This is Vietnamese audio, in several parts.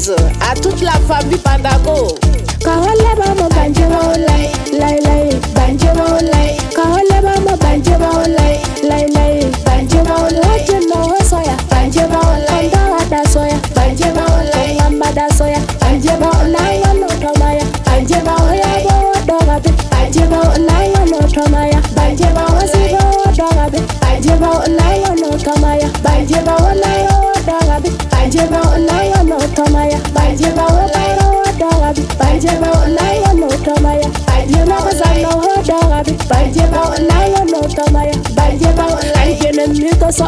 bise à toute la famille Bandako. Kahola mama banje olai, lai lai banje olai. Kahola mama banje olai, lai lai banje olai. Jeno soya banje olai, ndawa da soya banje olai, mama da soya banje olai, wano tomaya banje olai, wo doga bi banje olai, wano tomaya banje olai, bo doga bi banje olai, wano tomaya banje olai, wo doga bi banje olai kamaya je ba wa fara hoda wabi baje ba wallahi ya no kamaya baje na ba san no hoda wabi baje ba wallahi ya no kamaya baje ba wallahi kenan mi to so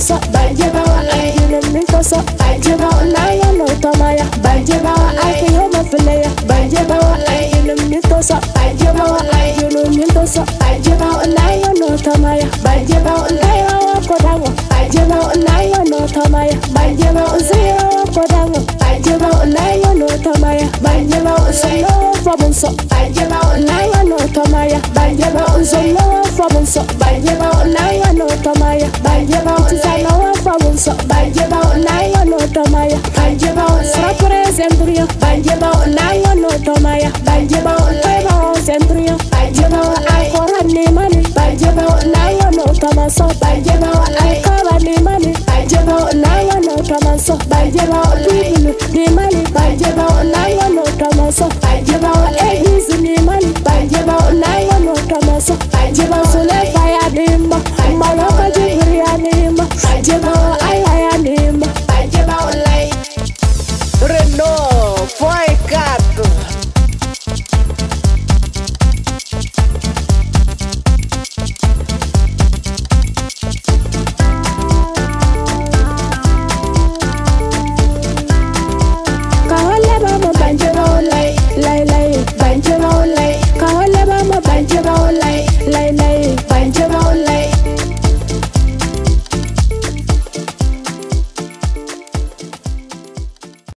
cosa bạn chưa bao ai hiểu nên biết cosa bạn chưa bao ai hiểu nỗi tâm ai bạn chưa bao ai khi hiểu mà phải lấy bạn chưa bao ai hiểu nên biết cosa bạn chưa bao ai hiểu nên biết cosa bạn chưa bao ai hiểu nỗi tâm ai bạn chưa bao ai hiểu có đang bạn chưa bao ai hiểu nỗi tâm ai bạn chưa bao ai hiểu có đang bạn chưa bao ai hiểu nỗi tâm ai bạn chưa bao ai from so Bajeba onaya no tomaya Bajeba unzo lowa from so Bajeba onaya no tomaya Bajeba utiza lowa from so Bajeba onaya no tomaya Bajeba onaya presembrio Bajeba onaya no tomaya Bajeba onaya presembrio Bajeba onaya korani mani Bajeba onaya no tomaso Bajeba so bajeba olulu ni mali bajeba olayo no tomaso bajeba ejisu ni mali bajeba olayo no tomaso bajeba sole fire nimba maloko jibiri ya nimba bajeba ayaya nimba bajeba olai Renault 5